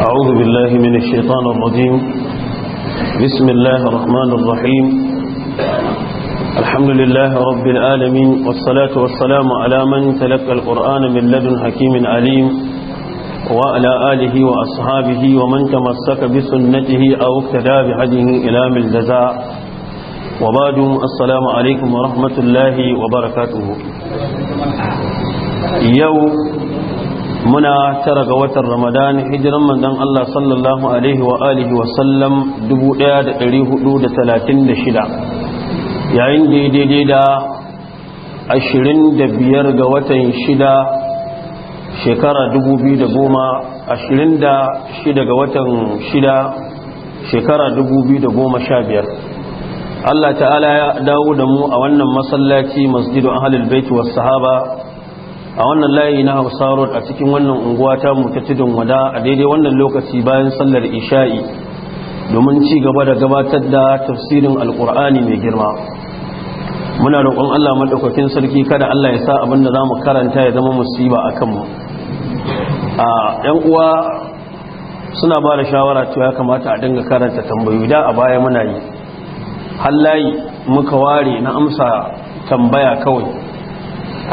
أعوذ بالله من الشيطان الرجيم بسم الله الرحمن الرحيم الحمد لله رب العالمين والصلاة والسلام على من تلقى القرآن من لدن حكيم عليم وعلى آله وأصحابه ومن تمسك بسنته أو اقتدى بهديه إلى من الجزاء وبعد السلام عليكم ورحمة الله وبركاته يوم muna tara ga watan ramadan hijiran manzon Allah sallallahu alaihi wa alihi wa sallam 1436 yayin da daidai da 25 ga watan shida shekara 2010 26 ga watan shida shekara 2015 Allah ta'ala ya dawo da mu a wannan masallaci masjidu ahlul bait was sahaba a wannan layi na hausa road a cikin wannan unguwa ta mu ta tudun wada a daidai wannan lokaci bayan sallar isha'i domin ci gaba da gabatar da tafsirin alkur'ani mai girma muna roƙon Allah madaukakin sarki kada Allah ya sa abin da za mu karanta ya zama musiba a kanmu a yan uwa suna ba da shawara to ya kamata a dinga karanta tambayoyi da a baya muna yi hallayi muka ware na amsa tambaya kawai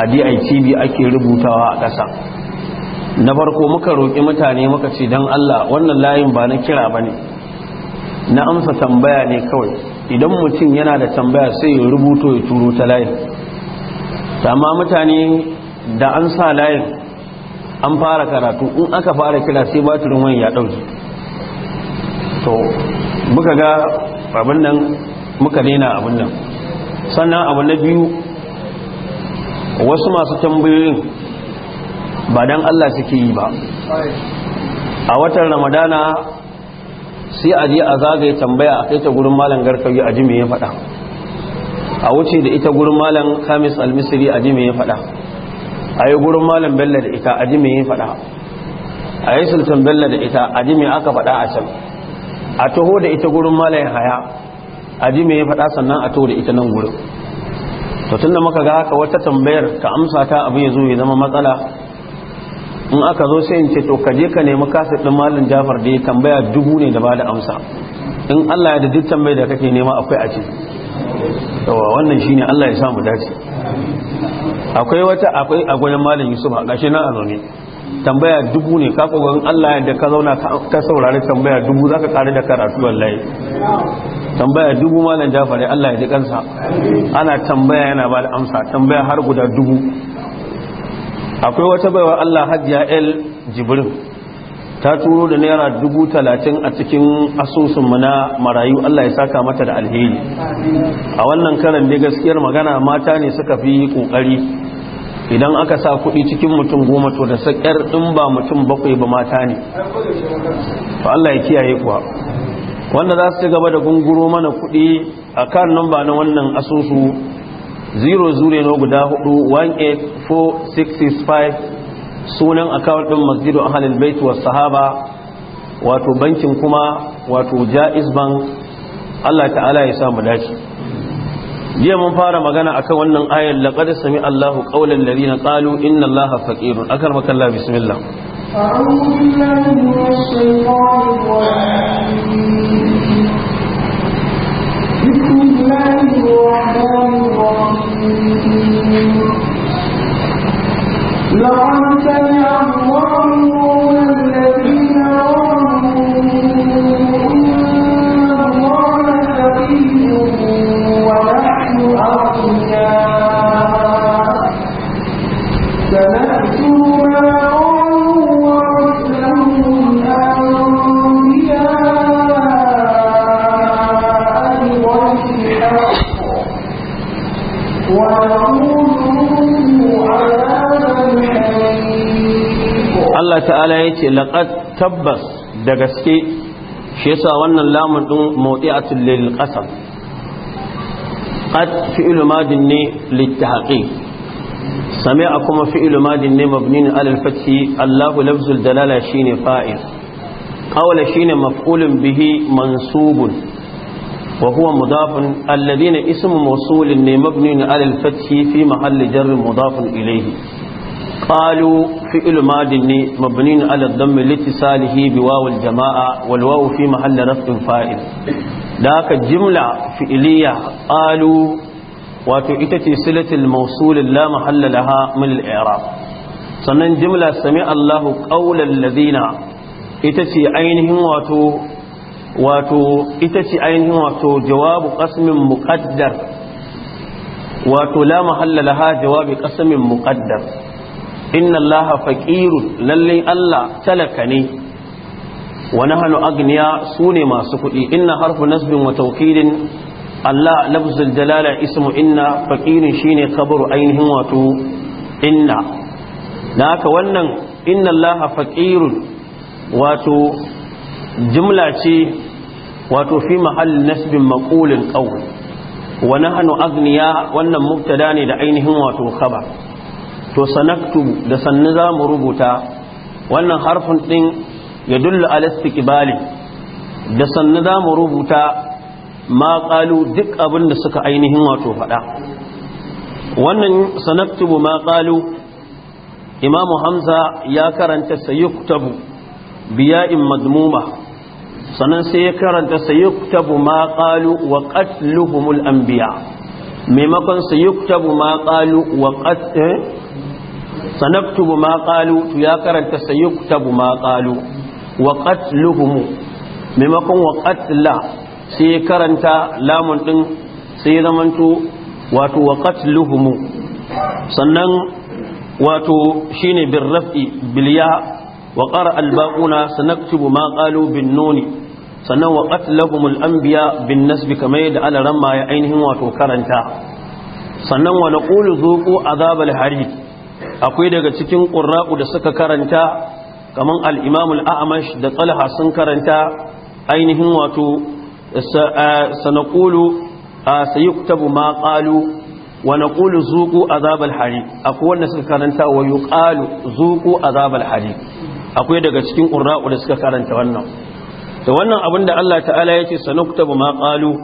a DITB ake rubutawa a ƙasa na farko muka roƙi mutane muka ce don Allah wannan layin ba na kira ba ne na amsa tambaya ne kawai idan mutum yana da tambaya sai ya rubuto ya turo ta layin amma mutane da an sa layin an fara karatu in aka fara kira sai batirin wani ya ɗauki to muka ga abin nan muka nena abin nan sannan abu na biyu wasu masu tambayoyin ba don Allah suke yi ba a watan ramadana sai a je a zagaye tambaya a kai ta gurin malam garkawi a ji me ya faɗa a wuce da ita gurin malam kamis almisiri a ji me ya faɗa a yi gurin malam bello da ita a ji me ya faɗa a yi sultan bello da ita a ji me aka faɗa a can a taho da ita gurin malam haya a ji me ya faɗa sannan a taho da ita nan gurin to tunda muka ga haka wata tambayar ka amsa ta abu ya zo ya zama matsala in aka zo sai in ce to kaje ka nemi kasir din malin jafar da ya tambaya dubu ne da ba da amsa in Allah ya da duk tambayar da kake nema akwai a ciki to wannan shine Allah ya samu dace akwai wata akwai a gurin malin yusuf a gashi na azo ne tambaya dubu ne ka kokarin Allah ya da ka zauna ka saurari tambaya dubu zaka kare da karatu wallahi tambaya dubu malam jafari Allah ya ji kansa ana tambaya yana ba da amsa tambaya har guda dubu akwai wata baiwa Allah hajjiya el jibrin ta turo da naira dubu talatin a cikin asusunmu na marayu Allah ya saka mata da alheri a wannan karan da gaskiyar magana mata ne suka fi kokari idan aka sa kuɗi cikin mutum goma to da sakar in ba mutum bakwai ba mata ne to Allah ya kiyaye kuwa wanda za su ci gaba da gunguro mana kudi a kan namba na wannan asusu 00 no guda 4184665 sunan akawar ɗin masjidu halin baitu wa sahaba wato bankin kuma wato ja'iz bank Allah ta'ala ya samu dace jiya mun fara magana akan wannan ayar laqad sami Allahu ƙaunar lari na ƙalu inna Allaha faqirun akar makalla bismillah أعوذ بالله من الشيطان الرجيم الرحمن الرحيم لقد سمع الله Allah ta'ala ya ce laqad tabbas da gaske shi yasa wannan lamun motsi a lil qasam qad fi'l madin ne litahqiq sami'a kuma fi'l madin ne mabni ala al Allahu lafzul dalala shine fa'il shi shine maf'ulun bihi mansubun wa huwa mudafun alladhina ismu mawsulin ne mabni ala al fi mahalli jarr mudafun ilayhi قالوا فعل ne مبني على الضم لاتصاله بواو الجماعة والواو في محل رفع فاعل ذاك جملة فعلية قالوا وتؤتي صلة الموصول لا محل لها من الإعراب sannan jimla sami Allahu ƙaular lazina ita ce ainihin wato wato ita ce ainihin wato jawabu ƙasmin muƙaddar wato la ha jawabi ƙasmin muƙaddar inna allaha faqirun lalle allah talaka ne wa nahnu agniya sune masu kuɗi inna harfu nasbin wa tawkidin allah lafzul dalala ismu inna faqirin shine kabaru ainihin wato inna naka wannan inna allaha faqirun wato jumla ce wato fi mahall nasbin maqulin qawl wa nahnu agniya wannan mubtada ne da ainihin wato khabar to sanaktubu da sannu za mu rubuta wannan harfin ɗin ya dulla alastiqbali da sannu za mu rubuta ma duk abin da suka ainihin wato faɗa wannan sanaktubu ma imamu hamza ya karanta sayuktabu biya'in mazmuma sannan sai ya karanta sayuktabu ma qalu wa qatluhumul anbiya maimakon sayuktabu ma qalu wa eh? sanaktubu ma qalu to ya karanta sayuktabu ma qalu wa qatluhum maimakon wa qatla sai ya karanta lamun din sai zamanto wato wa qatluhum sannan wato shine bir raf'i bil ya wa qara al baquna sanaktubu ma qalu bin nuni sannan wa qatlahum al anbiya bin nasb kamar yadda alaran maye ya ainihin wato karanta sannan wa naqulu zuqu azab al harid akwai daga cikin ƙura'u da suka karanta kamar al'imamul a'amash da tsalaha sun karanta ainihin wato sanakulu a sayi kutabu ma ƙalu wa na ƙulu zuƙu azabal hari akwai wanda suka karanta wa yi ƙalu zuƙu azabal hari akwai daga cikin ƙura'u da suka karanta wannan da wannan abin da Allah ta'ala ya ce sanakutabu ma ƙalu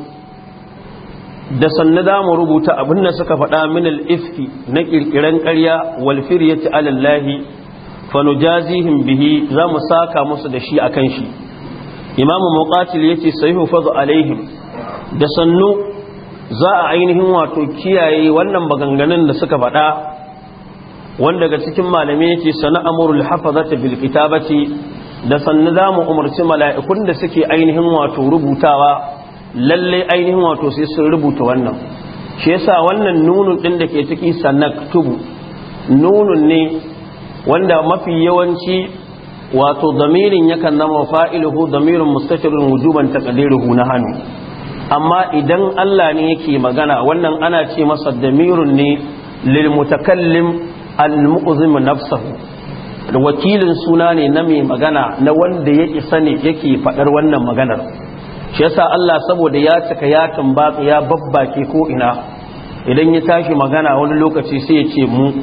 da sanna za mu rubuta abin da suka faɗa min al-ifki na kirkiran ƙarya wal firyati ala Allah fa nujazihim bihi za mu saka musu da shi akan shi Imam muqatil yace sahihu fadhu alaihim da sannu za a ainihin wato kiyaye wannan maganganun da suka faɗa wanda ga cikin malamai yace sana amrul hafazati bil kitabati da sannu za mu umarci mala'ikun da suke ainihin wato rubutawa lalle ainihin wato sai sun rubuta wannan shi yasa wannan nunun din da ke ciki tubu. nunun ne wanda mafi yawanci wato damirin yakan zama fa'iluhu damirin mustatirun wujuban taqdiruhu na hannu amma idan Allah ne yake magana wannan ana ce masa damirun ne lil mutakallim al muqzim nafsahu wakilin suna ne na mai magana na wanda ya isa ne yake faɗar wannan maganar shi yasa Allah saboda ya cika ya tambatsa ya babbake ko ina idan ya tashi magana wani lokaci sai ya ce mu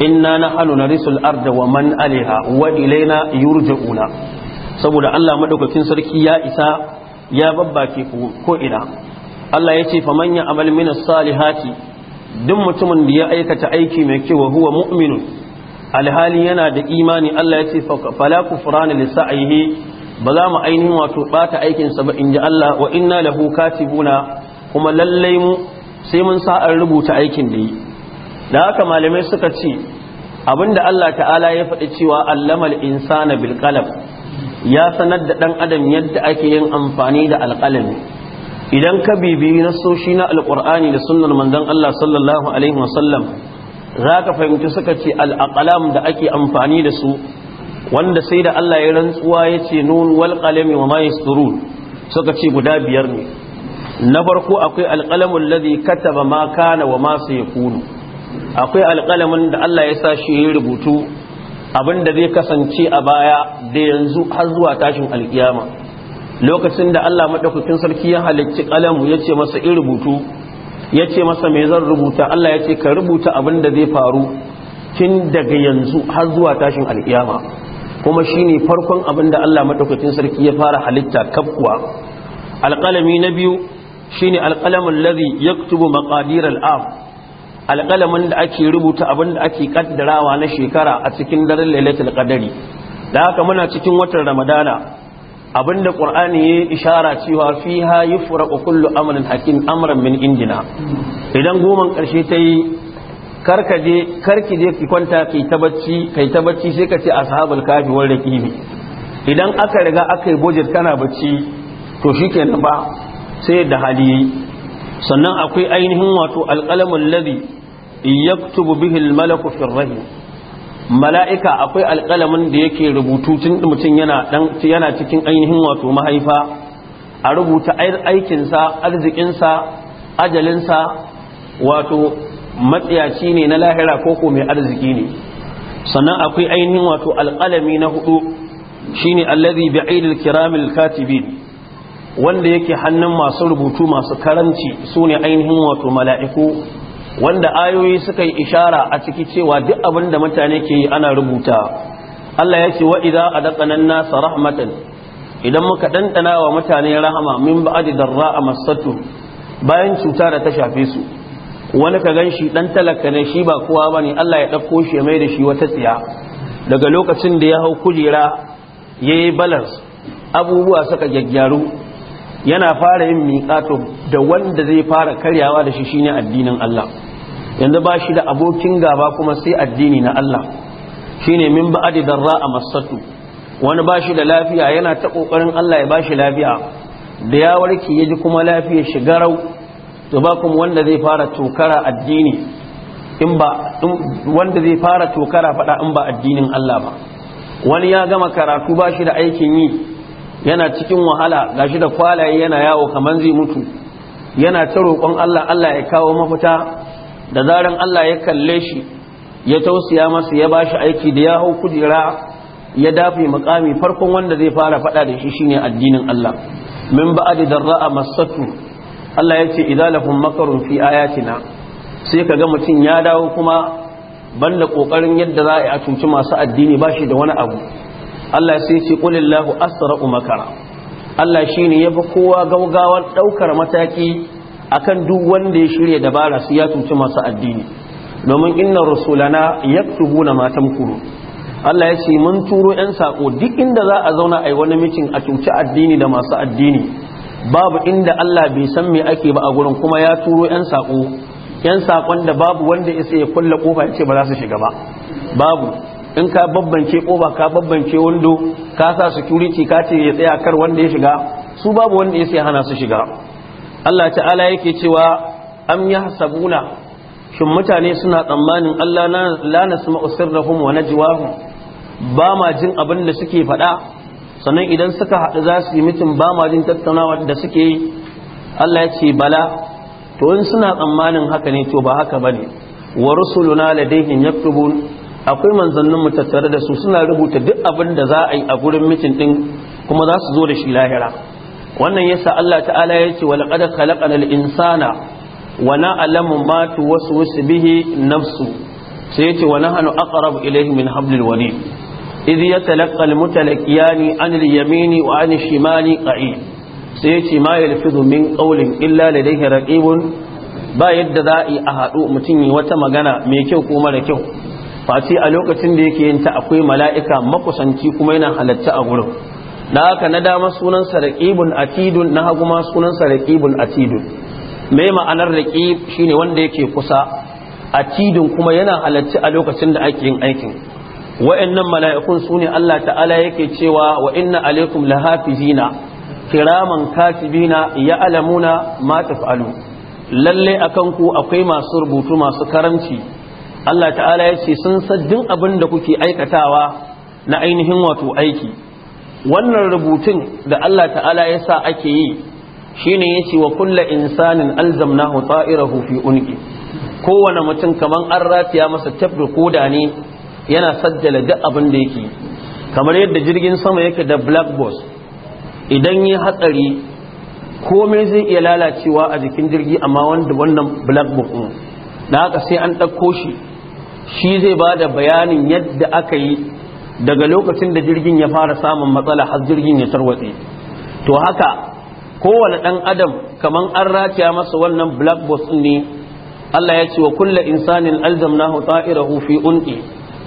inna nahnu narisul arda wa man alaiha wa ilaina yurja'una saboda Allah madaukakin sarki ya isa ya babbake ko ina Allah yace fa faman ya amal min salihati duk mutumin da ya aikata aiki mai kyau wa huwa mu'minun alhali yana da imani Allah yace ce la kufrana li sa'ihi ba za mu ainihin wato bata aikinsa ba in ji Allah wa inna lahu katibuna kuma lallai mu sai mun sa rubuta aikin da yi da haka malamai suka ce abinda Allah ta'ala ya faɗi cewa allamal insana Bilkalam ya sanar da ɗan adam yadda ake yin amfani da alqalami idan ka bibi nasoshi na Alƙur'ani da sunnar manzon Allah sallallahu alaihi wasallam zaka fahimci suka ce al da ake amfani da su wanda sai da Allah ya rantsuwa ya ce nun wal qalami wa ma yasturun suka ce guda biyar ne na farko akwai alqalamul ladhi kataba ma kana wa ma sayakunu akwai alqalamin da Allah ya sa shi ya rubutu abinda zai kasance a baya da yanzu har zuwa tashin alkiyama lokacin da Allah madaukakin sarki ya halicci kalamu ya ce masa in rubutu ya ce masa me zan rubuta Allah ya ce ka rubuta abinda zai faru tun daga yanzu har zuwa tashin alkiyama kuma shine farkon abin da Allah maɗaukacin sarki ya fara halitta kafwa Alƙalami na biyu shine alqalamul ya yaktubu maqadir Af. Alƙalamin da ake rubuta abin da ake ƙaddarawa na shekara a cikin daren lailatul ƙadari. da haka muna cikin watan ramadana abinda qur'ani ya ishara cewa fiha yufraqu kullu amrin hakim amran min indina idan goman karshe tayi karka je karki je ki kwanta kai ta bacci kai ta bacci sai ka ce ashabul kafi wal rakibi idan aka riga aka yi bujir kana bacci to shikenan ba sai da hali sannan akwai ainihin wato alqalamul ladhi yaktubu bihi al malaku fi rahim mala'ika akwai alqalamin da yake rubutu tun mutum yana dan yana cikin ainihin wato mahaifa a rubuta aikinsa arzikinsa ajalinsa wato matsiyaci ne na lahira ko ko mai arziki ne sannan akwai ainihin wato alƙalami na hudu shine allazi bi aidil kiramil katibin wanda yake hannun masu rubutu masu karanci sune ainihin wato mala'iku wanda ayoyi suka yi ishara a ciki cewa duk abin da mutane ke yi ana rubuta Allah ya ce wa idza adaqanan nasa rahmatan idan muka dandana wa mutane rahama min ba'di darra amassatu bayan cuta da ta shafe su wani ka gan shi ɗan talaka ne shi ba kowa ba ne Allah ya ɗauko shi mai da shi wata tsiya daga lokacin da ya hau kujera ya yi balance abubuwa suka gyaggyaru yana fara yin miƙato da wanda zai fara karyawa da shi shine addinin Allah yanzu ba shi da abokin gaba kuma sai addini na Allah shine min ba'adi darra a masatu wani ba shi da lafiya yana ta ƙoƙarin Allah ya ba shi lafiya da ya warke ya ji kuma lafiya shigarau to kuma wanda zai fara tokara addini in ba wanda zai fara tokara fada in ba addinin Allah ba wani ya gama karatu ba shi da aikin yi yana cikin wahala gashi da kwalaye yana yawo kamar zai mutu yana ta roƙon Allah Allah ya kawo mafita da zaran Allah ya kalle shi ya tausaya masa ya bashi aiki da ya hau kujera ya dafe mukami farkon wanda zai fara fada da shi shine addinin Allah min ba'di darra masatu Allah ya ce idalahum makarun fi ayatina sai ka kaga mutum ya dawo kuma banda kokarin yadda za a tunci masu addini ba shi da wani abu Allah sai ce qulillahu asra'u makara Allah shine yafi kowa gaugawar ɗaukar mataki akan duk wanda ya shirya dabara su ya tunci masu addini domin inna rusulana yaktubuna matan tamkuru Allah ya ce mun turo 'yan sako duk inda za a zauna a yi wani mitin a cuci addini da masu addini babu inda Allah bai san me ake ba a gurin kuma ya turo yan sako yan sakon da babu wanda isa ya kulla kofa ya ce ba za su shiga ba babu in ka babbance kofa ka babbance wando ka sa security ka ce ya tsaya kar wanda ya shiga su babu wanda isa ya hana su shiga Allah ta'ala yake cewa am yahsabuna shin mutane suna tsammanin Allah la nasma'u sirrahum wa najwahum ba ma jin abin da suke faɗa sannan idan suka haɗu za su yi mutum ba ma jin tattaunawa da suke Allah ya ce bala to in suna tsammanin haka ne to ba haka bane wa rusuluna ladaihim yaktubun akwai manzannin mu tattare da su suna rubuta duk abin da za a yi a gurin mutum din kuma za su zo da shi lahira wannan yasa Allah ta'ala ya ce walaqad khalaqanal insana wa na'lamu ma tuwaswisu bihi nafsu sai ya ce wa nahnu aqrabu ilayhi min hablil warid إذ يتلقى المتلقيان عن اليمين وعن الشمال Sai سيتي ما يلفظ من قول إلا لديه رقيب ba yadda za'i a haɗu mutum yi wata magana mai kyau ko mara kyau Fati a lokacin da yake yin ta akwai mala'ika makusanci kuma yana halatta a gurin na haka na dama sunan sarqibun atidun na hagu ma sunan sarqibun atidun mai ma'anar raqib shine wanda yake kusa atidun kuma yana halatta a lokacin da ake yin aikin wa'annan mala'ikun su ne Allah ta'ala yake cewa wa inna alaikum lahafizina kiraman katibina ya'lamuna ma Lallai lalle akan ku akwai masu rubutu masu karanci. Allah ta'ala ya ce sun saddin abin da kuke aikatawa na ainihin wato aiki wannan rubutun da Allah ta'ala ya sa ake yi shi shine ce wa kullu insanin alzamnahu ta'irahu fi unqi kowane mutum kamar an rafiya masa tef koda ne yana saddala duk abin da yake kamar yadda jirgin sama yake da black box idan yi hatsari komai zai iya lalacewa a jikin jirgi amma wanda wannan black box ɗin da haka sai an ɗauko shi shi zai ba da bayanin yadda aka yi daga lokacin da jirgin ya fara samun matsala har jirgin ya tarwatse to haka kowane ɗan adam kamar an rakiya masa wannan black box ne Allah ya ce wa kulla insanin aljamnahu ta'irahu fi unqi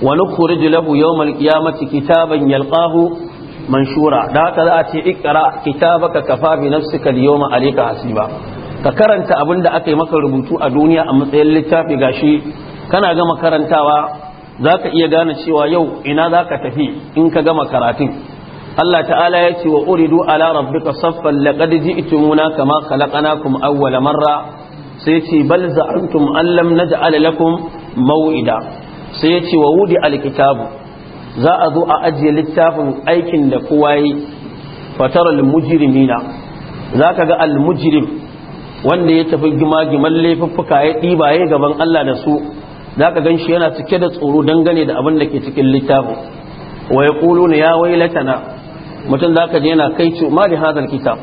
Wani nukhrij lahu yawm al-qiyamati kitaban yalqahu manshura da haka za a ce ikra kitabaka kafafi na nafsika al-yawma alayka hasiba ka karanta abin da aka yi maka rubutu a duniya a matsayin littafi gashi kana gama karantawa za ka iya gane cewa yau ina za ka tafi in ka gama karatun Allah ta'ala ya ce wa uridu ala rabbika saffan laqad ji'tumuna kama khalaqnakum awwala marra sai ce bal za'antum an lam naj'al lakum maw'ida sai ya ce wa wudi alkitabu za a zo a ajiye littafin aikin da kowa yi fatar almujirimina za ka ga almujirim. wanda ya tafi gima-giman laifuffuka ya ɗiba ya gaban Allah da su za ka gan shi yana cike da tsoro dangane da abin da ke cikin littafin wa ya ƙulu ne ya latana mutum za ka je yana kai ce ma da hazar kitab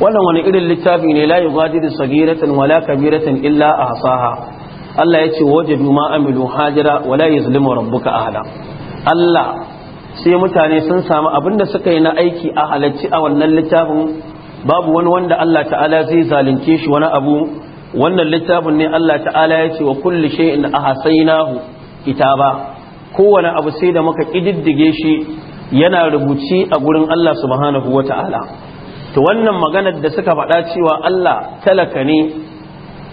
wannan wani irin littafi ne la yugadiru sagiratan wala kabiratan illa a hasaha. Allah ya ce waje ma amilu hajira wala yuzlimu rabbuka ahada Allah sai mutane sun samu abinda suka yi na aiki a halacci a wannan littafin babu wani wanda Allah ta'ala zai zalunce shi wani abu wannan littafin ne Allah ta'ala ya ce wa kulli shay'in ahsaynahu kitaba kowane abu sai da muka kididdige shi yana rubuci a gurin Allah subhanahu wata'ala to wannan maganar da suka faɗa cewa Allah talaka ne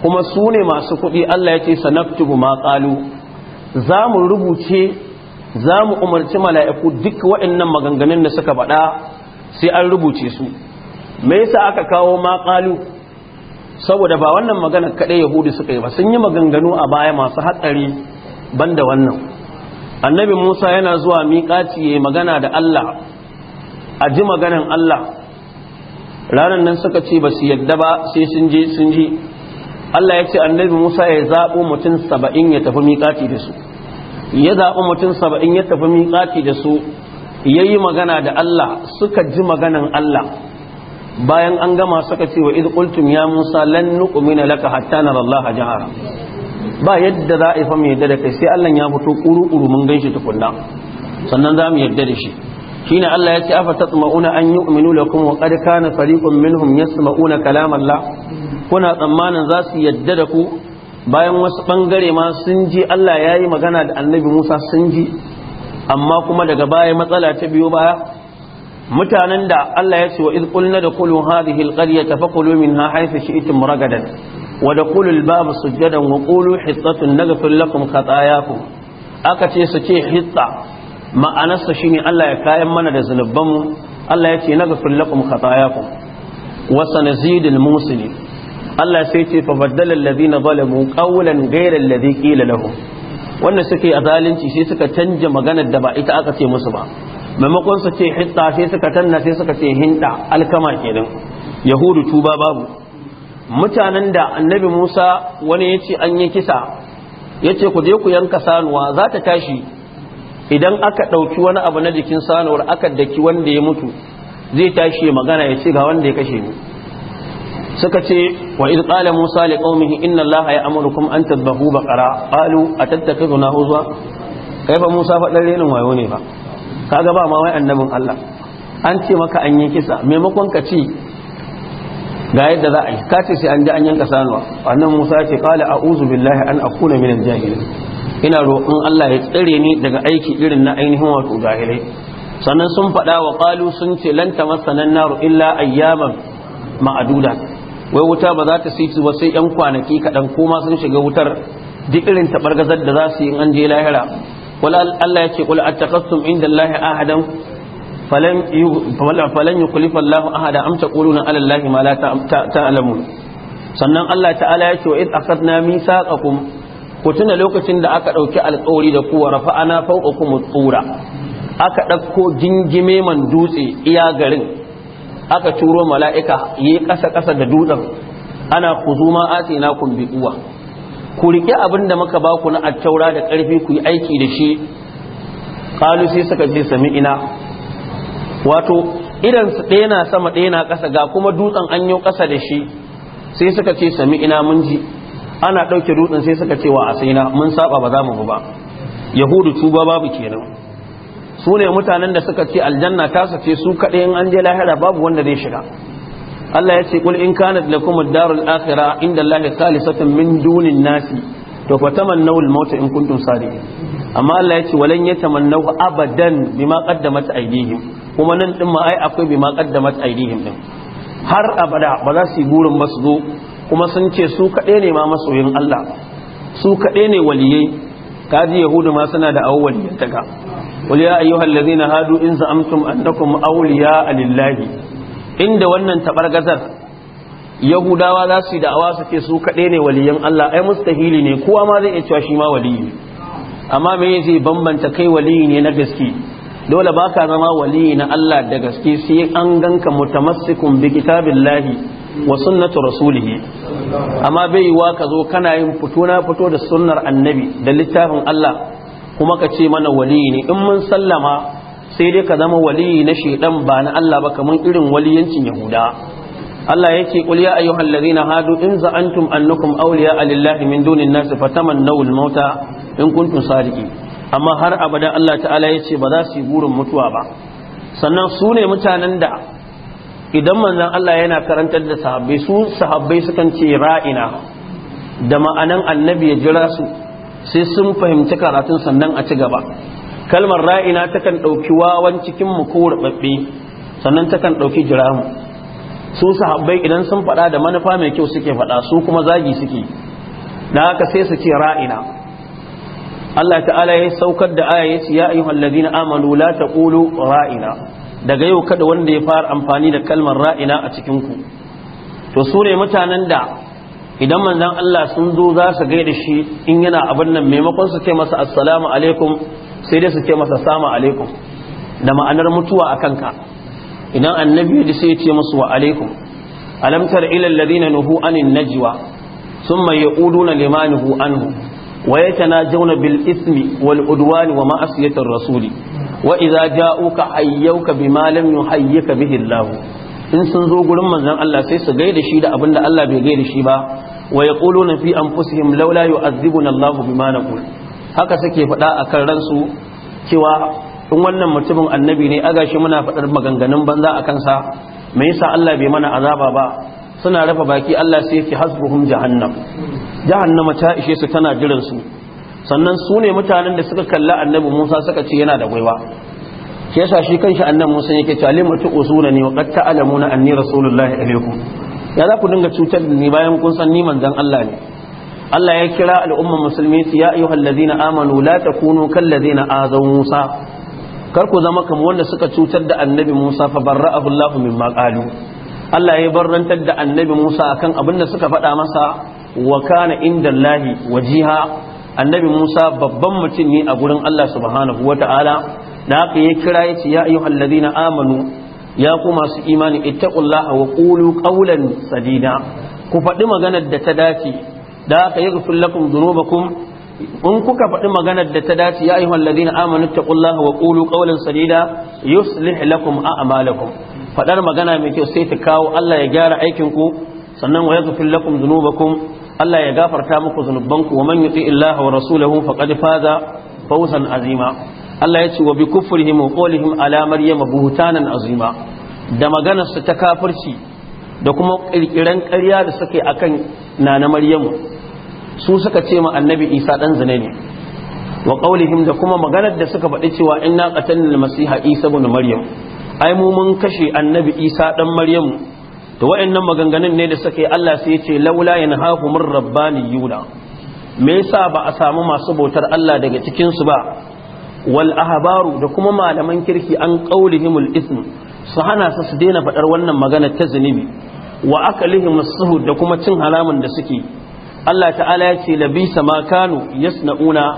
kuma su ne masu kuɗi Allah ya ce sanaktubu ma zamu za mu rubuce za mu umarci mala'iku duk waɗannan maganganun da suka baɗa sai an rubuce su me yasa aka kawo ma saboda ba wannan magana kaɗai yahudi suka yi ba sun yi maganganu a baya masu hatsari da wannan annabi musa yana zuwa miƙaci ya magana da allah a ji maganan allah ranar nan suka ce ba su yadda ba sai sun je sun ji Allah ya ce annabi Musa ya zaɓo mutum saba'in ya tafi miƙati da su ya zaɓo mutum saba'in ya tafi miƙati da su ya yi magana da Allah suka ji maganan Allah bayan an gama suka ce wa iz qultum ya Musa lan nu'mina laka hatta na Allah jahara ba yadda za a yi fa yadda da kai sai Allah ya fito kuru-kuru mun shi tukunna sannan za mu yadda da shi ne Allah ya ce afa tatma'una an yu'minu lakum wa qad kana fariqun minhum yasma'una kalam Allah kuna tsammanin za su yadda da ku bayan wasu ɓangare ma sun ji Allah ya yi magana da annabi Musa sun ji amma kuma daga baya matsala ta biyo baya mutanen da Allah ya ce wa iz qulna dakhulu hadhihi alqaryata faqulu minha haythu shi'tum ragadan wa dakhulu albaba sujadan wa qulu hittatun naghfir lakum khatayakum aka ce su ce hitta ma'anarsa shine Allah ya kayan mana da zunubanmu Allah ya ce naghfir lakum khatayakum wa sanazidul muslimin Allah sai ce fa baddala na zalamu qawlan ghayra allazi qila lahum wannan suke a zalunci sai suka canja maganar da ba ita aka ce musu ba maimakon su ce hitta sai suka tanna sai suka ce hinda alkama kenan yahudu tuba babu mutanen da annabi Musa wani yace an yi kisa yace ku je ku yanka sanuwa za ta tashi idan aka dauki wani abu na jikin sanuwar aka daki wanda ya mutu zai tashi magana ya ce ga wanda ya kashe ni suka ce wa iz qala musa li qaumihi inna allaha ya'murukum an tadhbahu baqara qalu atattakhiduna huzwa kai fa musa fa dan renin wayo ne fa kaga ba ma wai annabin allah an ce maka an yi kisa maimakon ka ci ga yadda za a yi ka ce sai an ji an yanka sanuwa annan musa ce qala a'udhu billahi an akuna min al-jahilin ina roƙon allah ya tsare ni daga aiki irin na ainihin wato jahilai sannan sun faɗa wa qalu sun ce lan tamassana an-naru illa ayyaman ma'aduda wai wuta ba za ta siti ba sai yan kwanaki kaɗan kuma sun shiga wutar duk irin taɓargazar da za su yi an je lahira wala Allah ya ce kul attaqastum inda Allah ahadan falan falan yukhlifa Allah ahada am taquluna ala Allah ma la alamu. sannan Allah ta'ala ya ce wa id akhadna mithaqakum ku tuna lokacin da aka dauki alƙawari da kuwa rafa'ana fawqakum tsura aka dauko jingime man dutse iya garin aka turo mala'ika yi ƙasa-ƙasa da dutsen ana ku zuma ati na kun bi uwa ku riƙe abin da muka ba ku na attaura da ƙarfi ku yi aiki da shi ƙalu sai suka je sami ina wato idan su ɗaya na sama ɗaya na ƙasa ga kuma dutsen an yi ƙasa da shi sai suka ce sami ina mun ji ana ɗauke dutsen sai suka ce wa asina mun saba ba za mu ba yahudu tuba babu kenan su ne mutanen da suka ce aljanna ta sace su kaɗai in an je lahira babu wanda zai shiga Allah ya ce kul in da lakum kuma darul akhirah inda Allah khalisatan min dunin nasi to fa tamannaw al-maut in kuntum sadiqin amma Allah ya ce walan yatamannaw abadan bima qaddamat aydihim kuma nan din ma ai akwai bima qaddamat aydihim din har abada ba za su yi burin ba su zo kuma sun ce su kaɗai ne ma masoyin Allah su kaɗai ne waliyai kaji yahudu ma suna da ga. qul ya na hadu in za'amtum annakum awliya lillahi inda wannan tabargazar yahudawa za su yi da'awa su ce su kaɗai ne waliyan Allah ai mustahili ne kowa ma zai iya cewa shi ma waliyi amma me zai bambanta kai waliyi ne na gaske dole ba ka zama waliyi na Allah da gaske sai an ganka mutamassikun bi kitabillahi wa sunnatu rasulihi amma bai yiwa ka zo kana yin fito na fito da sunnar annabi da littafin Allah kuma ka ce mana waliyi ne in mun sallama sai dai ka zama waliyi na shaidan ba na Allah ba kamar irin waliyancin yahuda Allah yake qul ya ayyuhal hadu in za'antum annakum awliya lillahi min dunin nas fatamannaw al in kuntum sadiqin amma har abada Allah ta'ala yace ba za su yi burin mutuwa ba sannan su ne mutanen da idan manzon Allah yana karantar da sahabbai su sahabbai sukan ce ra'ina da ma'anan annabi ya jira su sai sun fahimci karatun sannan a ci gaba kalmar ra'ina takan ɗauki wawan cikin mu ko rubabbe sannan takan ɗauki jiramu su sahabbai idan sun faɗa da manufa mai kyau suke faɗa su kuma zagi suke da haka sai su ce ra'ina Allah ta'ala ya saukar da aya yace ya ayyuhal ladina amanu la taqulu ra'ina daga yau kada wanda ya fara amfani da kalmar ra'ina a cikin ku to sune mutanen da idan manzan Allah sun zo za su gaida shi in yana abin nan maimakon su ce masa assalamu alaikum sai dai su ce masa samu alaikum da ma'anar mutuwa a kanka idan annabi da sai ce masu wa alaikum alamtar ilal ladina nuhu anin najwa thumma yaquluna limanuhu anhu wa yatanajawna bil ismi wal udwan wa ma'asiyatir rasuli wa idza ja'uka bi bima lam yuhayyika bihi Allah in sun zo gurin manzon Allah sai su gaida shi da abin da Allah bai gaida shi ba wa yaquluna fi anfusihim laula yu'adhibuna Allahu bima naqul haka suke faɗa akan ransu cewa in wannan mutumin annabi ne aga shi muna faɗar maganganun banza a kansa me yasa Allah bai mana azaba ba suna rafa baki Allah sai yake hasbuhum jahannam jahannama ta ishe su tana jiran su sannan su ne mutanen da suka kalla annabi Musa suka ce yana da gwaiwa shi yasa shi kanshi annan musa yake cewa lima tu usuna ni wa qad ta'lamuna anni rasulullahi alaikum ya za ku dinga cutar da ni bayan kun san ni manzon Allah ne Allah ya kira al'umman musulmi ya ayyuhal ladina amanu la takunu kal ladina azaw musa kar ku zama kamar wanda suka cutar da annabi musa fa barra'ahu Allah mimma qalu Allah ya barrantar da annabi musa akan abin da suka faɗa masa wa kana inda Allahi wajiha annabi musa babban mutum ne a gurin Allah subhanahu wata'ala da haka ya kira ya ce ya ayyuhal ladina amanu ya ku masu imani ittaqullaha wa qulu qawlan sadida ku faɗi maganar da ta dace da haka yaghfir lakum dhunubakum in kuka faɗi maganar da ta dace ya ayyuhal ladina amanu ittaqullaha wa qulu qawlan sadida yuslih lakum a'malakum faɗar magana mai kyau sai ta kawo Allah ya gyara aikin ku sannan wa yaghfir lakum dhunubakum Allah ya gafarta muku zunubanku wa man yuti illaha wa rasulahu faqad faza fawzan azima Allah ya ce wa bi kufrihim wa qawlihim ala maryam buhtanan azima da maganar su ta kafirci da kuma kirkiran ƙarya da suke akan nana maryamu su suka ce ma annabi isa dan zina ne wa qawlihim da kuma maganar da suka faɗi cewa inna qatalna al-masiha isa ibn maryam ai mu mun kashe annabi isa dan maryamu to wayannan maganganun ne da suke Allah sai ya ce laula rabbani yuna me yasa ba a samu masu bautar Allah daga cikin su ba wal ahbaru da kuma malaman kirki an qaulihimul ism su hana su su daina faɗar wannan magana ta zunubi wa akalihim as da kuma cin haramun da suke Allah ta'ala ya ce labisa ma kanu yasnauna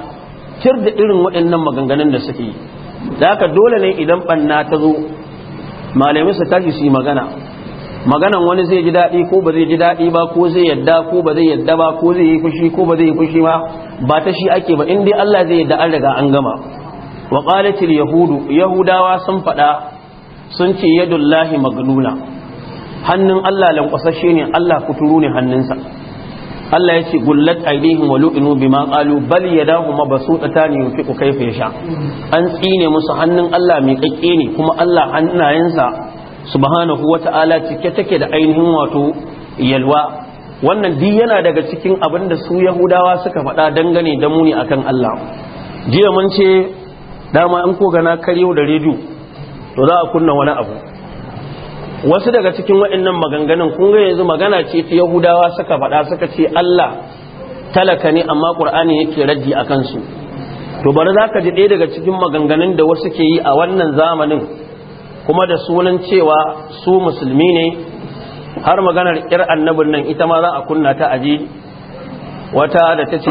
kir da irin waɗannan maganganun da suke da haka dole ne idan banna ta zo malamai su tashi su yi magana maganan wani zai ji daɗi ko ba zai ji daɗi ba ko zai yadda ko ba zai yadda ba ko zai yi fushi ko ba zai yi fushi ba ba ta shi ake ba in dai Allah zai yadda an riga an gama wa qalatil yahudu yahudawa sun faɗa sun ce yadullahi maglula hannun Allah lankwasashe ne Allah kuturu ne hannunsa Allah ya ce gullat aidihim wa lu'inu ma ƙalu, bal yadahu mabsuutatan yunfiqu kayfa sha. an tsine musu hannun Allah mai kakke ne kuma Allah hannayensa subhanahu wata'ala cike take da ainihin wato yalwa wannan duk yana daga cikin abin da su yahudawa suka faɗa dangane da muni akan Allah jiya mun ce dama an ko gana karyo da rediyo to za a kunna wani abu wasu daga cikin waɗannan maganganun kun ga yanzu magana ce ta yahudawa suka faɗa suka ce Allah talaka ne amma qur'ani yake raddi a kansu to bari za ka ji ɗaya daga cikin maganganun da wasu ke yi a wannan zamanin kuma da sunan cewa su musulmi ne har maganar ƙir annabin nan ita ma za a kunna ta aji wata da ta ce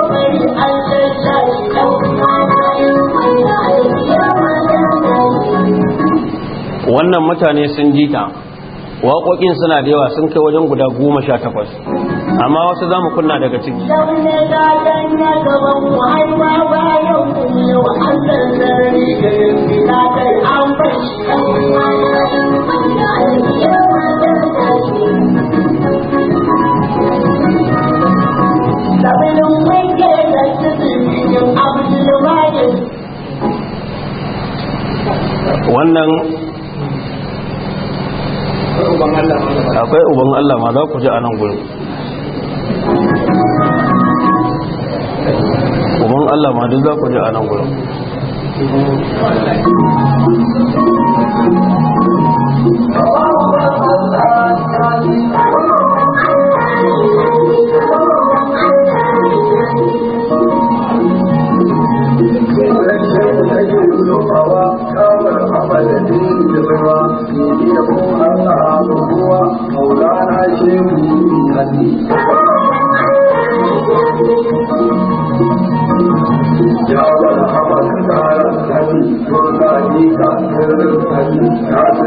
wannan mutane sun ji ta waƙoƙin suna da yawa sun kai wajen guda goma sha takwas amma wasu za mu kunna daga ciki wannan akwai uban Allah ma za ku ji a nan gurin uban Allah ma duk za ku ji a nan gurin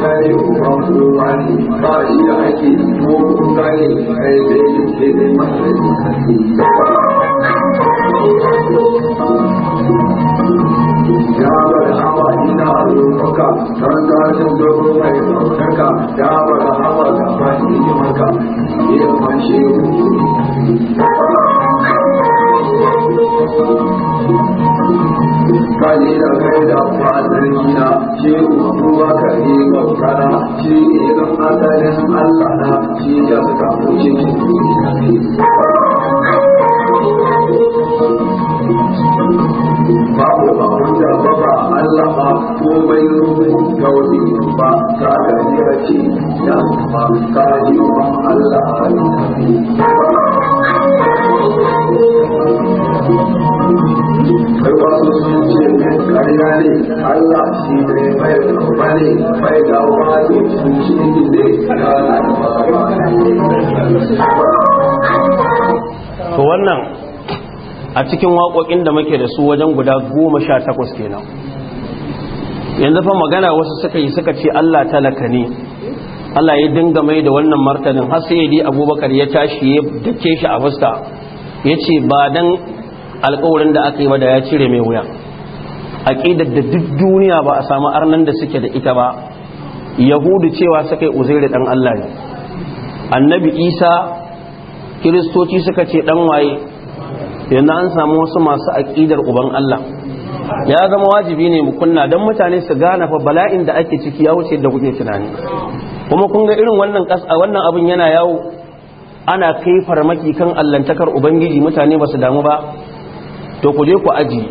kai ubanguwa ne ba shi, da ake ko kuma kare kai da yake da masarai ya bada hawa ina roƙonka don tashin dogo mai ɗaukarka ya bada hawa da fahimci hikimarka ya fashe Kali da kai da fa'adar gina, shehu abubuwa kare kana ci ne ya zama dalilin Allah na shi ya suka kuce babu ba wanda ba ba Allah ba komai rufin gauri ba ta gajiyar ce ya ba ka yi wa Allah a yi ne to wannan a cikin waƙoƙin da muke da su wajen guda goma sha takwas kenan yanzu fa magana wasu suka yi suka ce Allah talaka ne Allah ya dinga mai da wannan martanin har sai dai Abubakar ya tashi ya dake shi a fuska yace ba dan alƙawarin da aka yi ba da ya cire mai wuya aqidar da duk duniya ba a samu arnan da suke da ita ba yahudu cewa suka yi uzairi dan Allah ne annabi isa kiristoci suka ce dan waye yanzu an samu wasu masu aqidar uban Allah ya zama wajibi ne mu kunna dan mutane su gane fa bala'in da ake ciki ya wuce da kuke tunani kuma kun ga irin wannan kasa wannan abin yana yawo ana kai farmaki kan allantakar ubangiji mutane ba su damu ba to ku je ku aji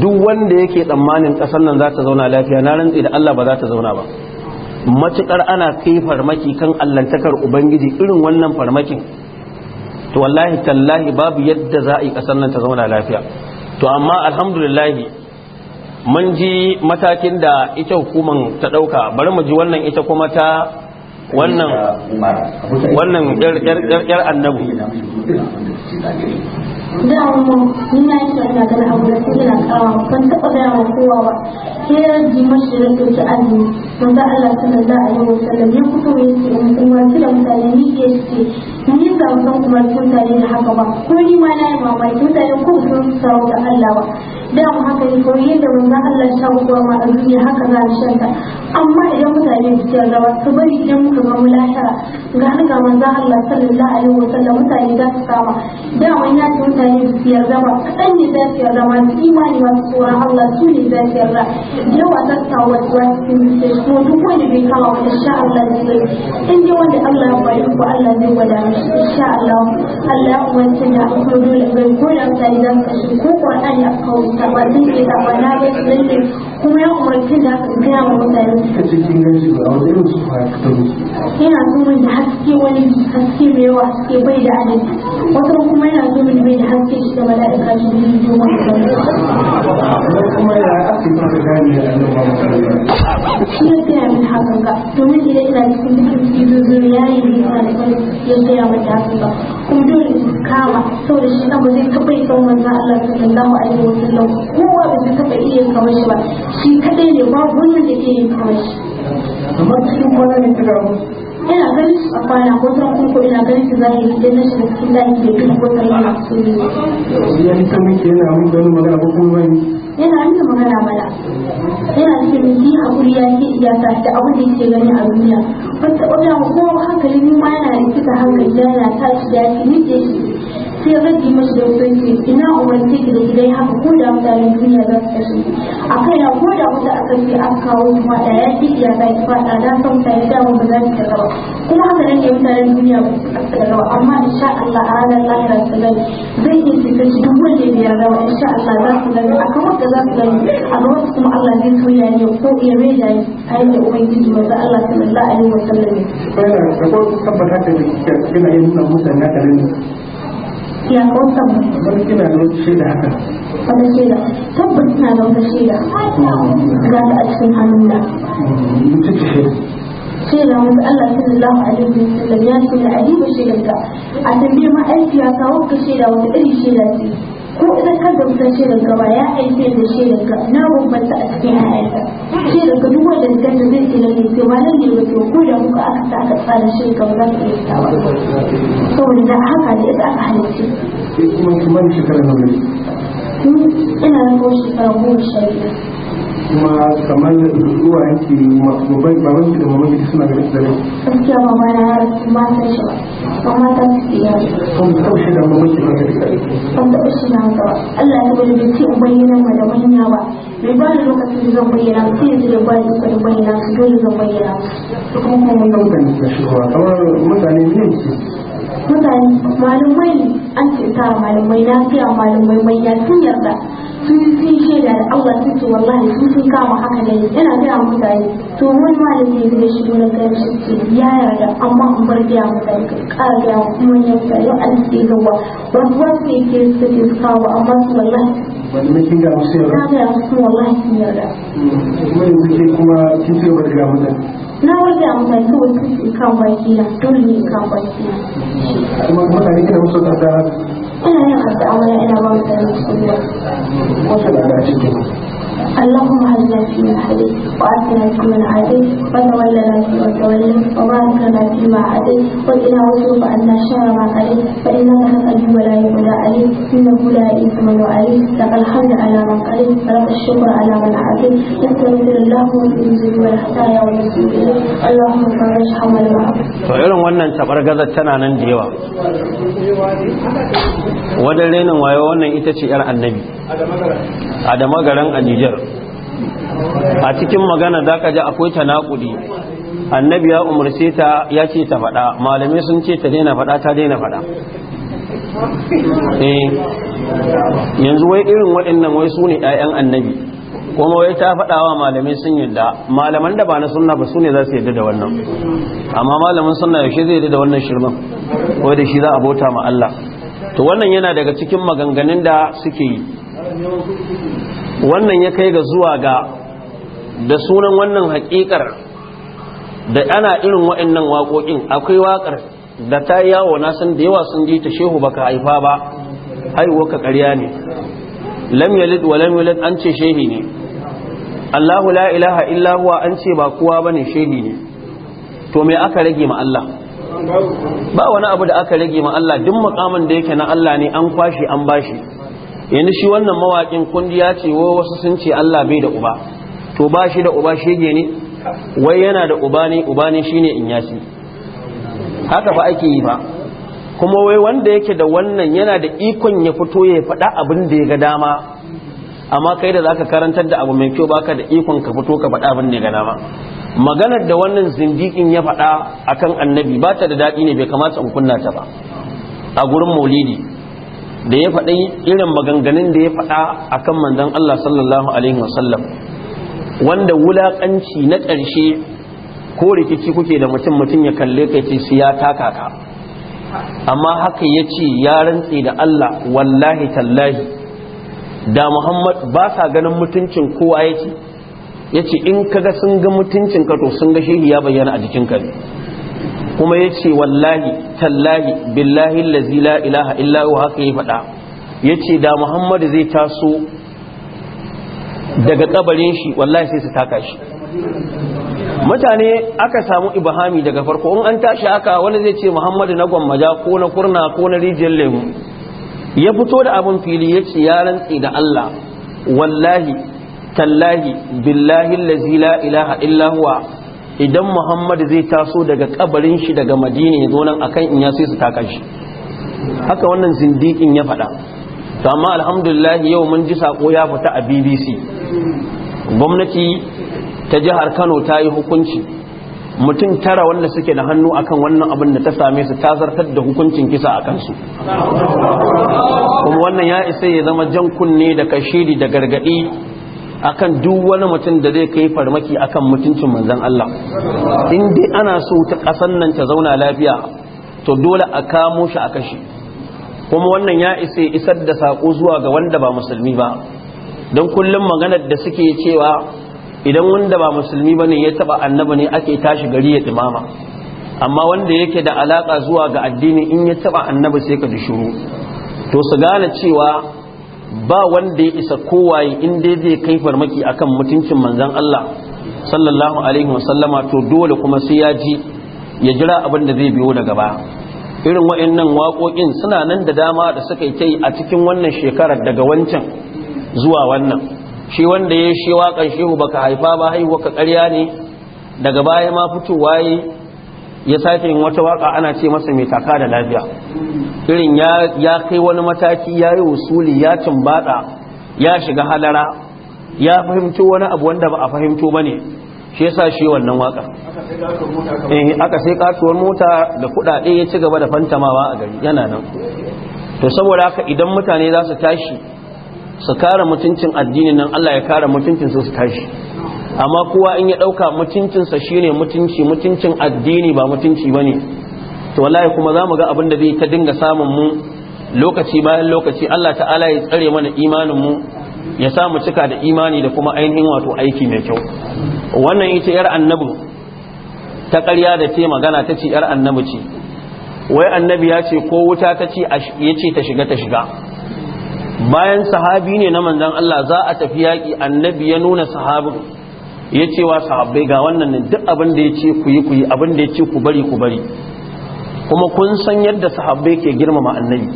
duk wanda yake tsammanin ƙasar nan za ta zauna lafiya na rantsi da Allah ba za ta zauna ba Matukar ana kai farmaki kan allantakar ubangiji irin wannan farmakin to wallahi tallahi babu yadda za a yi ƙasar nan ta zauna lafiya to amma alhamdulillahi mun ji matakin da ita hukumar ta ɗauka bari mu ji wannan ita kuma ta wannan wannan yar annabi da mu ni na yi tsaye da na abu da sai yana kawo ban taɓa gaya wa kowa ba sai ya ji mashi da ɗauki azumi manzo Allah sallallahu alaihi wasallam ya fito ya ce in umarci da mutane ni ke ce ni ba san umarci mutane da haka ba ko ni ma na yi mamaki mutane ko ba san sarau da Allah ba da mu haka ne ko yadda manzo Allah sha uku ma a duniya haka za a shanta amma idan mutane su ce rawa su bari idan muka ga mu lahira ga har ga manzon Allah sallallahu alaihi wasallam mutane za su kama daman ya ce mutane su yarda ba kadan ne za su yarda ma su imani ba su tsoron Allah su ne za su yarda yawa za su kawo wasu wasu su ce su duk wanda bai kama wani sha Allah zai in dai wanda Allah ya bari ko Allah zai gwada mishi insha Allah Allah ya umarci da an kuma dole bai ko da mutane za su kashe ko kuwa ɗan ya kawo ta ba zai ke ta ba na bai kuma ya umarci da aka gaya wa mutane suka ce kin gan shi ba wani irin su fara fitar musu yana so da haske wani haske mai yawa haske bai da adadi wata kuma yana so min bai da haske shi da mala'ika shi ne yi wani kuma ya ake kuma ka gane da annan ba mutane shi ya gaya min hakan ka domin idan ina cikin dukkan cikin zuzuwa yayin da ya gaya min hakan ka sai zai yi saboda shi ɗan ba zai taɓa yi kan Allah sallallahu alaihi wa sallam kowa ba zai taɓa iya kamar shi ba shi kadai ne wannan da iya kamar shi amma cikin kwanan ne ina ganin su a kwana ko ta kuku ina ganin su za yi idan na shiga cikin layi da duk wata yana so ne. Yanzu ya fi yana mun ganin magana ko kuma yana an magana mana yana cikin miki hakuri ya ke iya ta da abin da yake gani a duniya wata ɓangaren kowa hankalin ma yana rikita hankali yana tashi ya fi nike shi sai rage mashi da sauki ina umarce ki da gidai haka ko da mutanen duniya za su kashe a kai na ko da wata aka ce an kawo ki fada ya ce iya za ki da na san mutane dama ba za su karɓa kuma haka ne mutanen duniya ba su karɓa amma insha Allah a ranar Allah, su gani zai iya fita shi duk wanda ya biya rawa insha Allah za su gani a kan wanda za su gani a ga wata kuma Allah zai soya ne ko ya reda ne a yadda ubangiji allah Allah sallallahu alaihi wa sallam. Kwaya da kwaya tabbata da kike kina yin nuna mutane ne ya kausa mu kamar kina da wasu shaida haka wani na ta a cikin da Allah sallallahu alaihi wasallam ya ce da adiba shaidar ka a tambayar ma'aikiya kawo ka shaida wata iri shaida ce ko idan ka gamsa shirinka ba ya aike da shirinka na bambanta a cikin ayyanka shirinka duk wanda ka ta zai ce lalle sai ba lalle ba to ko da muka aka sa aka tsara shirinka ba za ka iya sa ba saboda da haka ne da aka halice ina da ko shekara goma sha biyar kuma kamar da zuwa yanki babban baban ki da mamman suna ganin da rai gaskiya mama na ma ta shi mama ta shi ya kun ta shi da mamman ki suna ganin da rai kun ta shi na ga Allah ya bada biki in bayyana ma da manya ba bai ba da lokacin da zan bayyana sai yanzu da bayan ka da bayyana su dole zan bayyana su kuma kuma mun da mutane ke shigowa kamar mutane ne ke mutane malamai an ce ta malamai na fiya malamai mai ya sun yarda sun sun shaida da Allah sun ce wallahi sun sun kama haka ne yana gaya mutane to wani malami ne ya shigo na kai shi ce ya yarda amma an bar gaya mutane ka kara gaya kuma ya mutane yau an ce gaba wasu wasu ne ke suka ce su kawo amma su wallahi wani na kin gaya musu yarda na gaya musu wallahi sun yarda kuma yanzu ke kuma kin ce ba gaya mutane na wani a mutane kawai sun ce kan baki na dole ne kan baki na kuma mutane kira musu tsada Ana yin kasa amma ina ba mutane su kuma. Wasu na da اللهم علمنا فيما هديت وعافنا فيمن عافيت وتولنا فيما توليت وبارك لنا ما عافيت وإلى واصرف أن شر ما قضيت فانك تقضي ولا يقضى عليك إن لا يئس من عليك لك الحمد على من قلي رب الشكر على من عافيت نستغفر الله من الذنوب والخطايا ونتوب اللهم فرج حمل العبد. irin wannan tabargazar tana nan da yawa wajen renin wayo wannan ita ce 'yar annabi a da magaran a hujjar a cikin magana za ka ji akwai naƙudi. annabi ya umarce ta ya ce ta faɗa malamai sun ce ta daina faɗa ta daina faɗa eh. yanzu wai irin waɗannan wai su ne 'ya'yan annabi kuma wai ta faɗawa malamai sun yadda malaman da ba na sunna ba su ne za su yadda da wannan amma malamin sunna yaushe zai yadda da wannan shirman wai da shi za a bauta ma Allah to wannan yana daga cikin maganganun da suke yi wannan ya kai ga zuwa ga da sunan wannan hakikar da ana irin wa'annan waƙoƙin akwai waƙar da ta yi yawo na san da yawa sun ji ta shehu baka haifa ba haihuwa ka ƙarya ne lam yalid wa lam yulad an ce shehi ne Allahu la ilaha illa huwa an ce ba kowa bane shehi ne to me aka rage ma Allah ba wani abu da aka rage ma Allah duk mukamin da yake na Allah ne an kwashi an bashi yanzu shi wannan mawaƙin kundi ya ce wasu sun ce Allah bai da uba to ba shi da uba shi ne wai yana da uba ne uba ne shine in yasi haka fa ake yi ba kuma wai wanda yake da wannan yana da ikon ya fito ya faɗa abin da ya ga dama amma kai da zaka karantar da abu mai kyau baka da ikon ka fito ka faɗa abin da ya ga dama maganar da wannan zindikin ya faɗa akan annabi ba ta da daɗi ne bai kamata in kunna ta ba a gurin maulidi da ya faɗi irin maganganun da ya faɗa a kan manzon Allah sallallahu alaihi wasallam wanda wulaƙanci na ƙarshe ko rikici kuke da mutum mutum ya kalle ka ce su ya taka ka amma haka ya ce ya rantse da Allah wallahi tallahi da Muhammad ba sa ganin mutuncin kowa ya ce ya ce in kaga sun ga mutuncin ka to sun ga shehi ya bayyana a jikin ka kuma ya ce wallahi tallahi billahi lazi la ilaha illahu haka ya faɗa ya ce da muhammadu zai taso daga kabarin shi wallahi sai su taka shi mutane aka samu ibahami daga farko in an tashi aka wani zai ce muhammadu na gwammaja ko na kurna ko na rijiyar lemu ya fito da abin fili ya ce ya rantse da allah wallahi tallahi billahi lazi la ilaha illahu idan muhammad zai taso daga kabarin shi daga madina ya zo nan akan in ya sai su taka shi haka wannan zindikin ya faɗa to amma alhamdulillah yau mun ji sako ya fita a bbc gwamnati ta jihar kano ta yi hukunci mutum tara wanda suke da hannu akan wannan abin da ta same su ta zartar da hukuncin kisa a kansu kuma wannan ya isa ya zama jan kunne da kashiri da gargadi akan duk wani mutum da zai kai farmaki akan mutuncin manzon Allah in dai ana so ta kasan nan ta zauna lafiya to dole a kamo shi a kashi kuma wannan ya isa isar da sako zuwa ga wanda ba musulmi ba don kullum maganar da suke cewa idan wanda ba musulmi ba ne ya taba annaba ne ake tashi gari ya dumama amma wanda yake da alaka zuwa ga addini in ya taba annaba sai ka ji shiru to su gane cewa ba wanda ya isa kowaye in dai zai kai farmaki akan mutuncin manzon Allah sallallahu alaihi wasallama to dole kuma sai ya ji ya jira abin da zai biyo daga ba irin wa'annan waƙoƙin suna nan da dama da suka yi a cikin wannan shekarar daga wancan zuwa wannan shi wanda ya shi waƙan shehu baka haifa ba haihuwa ka ƙarya ne daga baya ma fitowa yi ya sake yin wata waka ana ce masa mai taka da lafiya irin ya kai wani mataki ya yi wasuli ya tumbada ya shiga hadara ya fahimci wani abu wanda ba a fahimto ba ne shi yasa shi wannan waka aka sai katuwar mota eh, da kudade ya ci gaba da fantamawa a gari yana nan to saboda haka idan mutane za su tashi su kare mutuncin addinin nan Allah ya kare mutuncin su su tashi amma kowa in ya ɗauka mutuncinsa shine mutunci mutuncin addini ba mutunci ba ne to wallahi kuma za mu ga abin da zai ta dinga samun mu lokaci bayan lokaci Allah ta'ala ya tsare mana imanin mu ya sa mu cika da imani da kuma ainihin wato aiki mai kyau wannan ita yar annabi ta ƙarya da ce magana ta ce yar annabi ce wai annabi ya ce ko wuta ta ce ya ce ta shiga ta shiga bayan sahabi ne na manzan Allah za a tafi yaƙi annabi ya nuna sahabin ya ce wa sahabbai ga wannan ne duk abin da ya ce ku yi ku yi abin da ya ce ku bari ku bari kuma kun san yadda sahabbai ke girmama annabi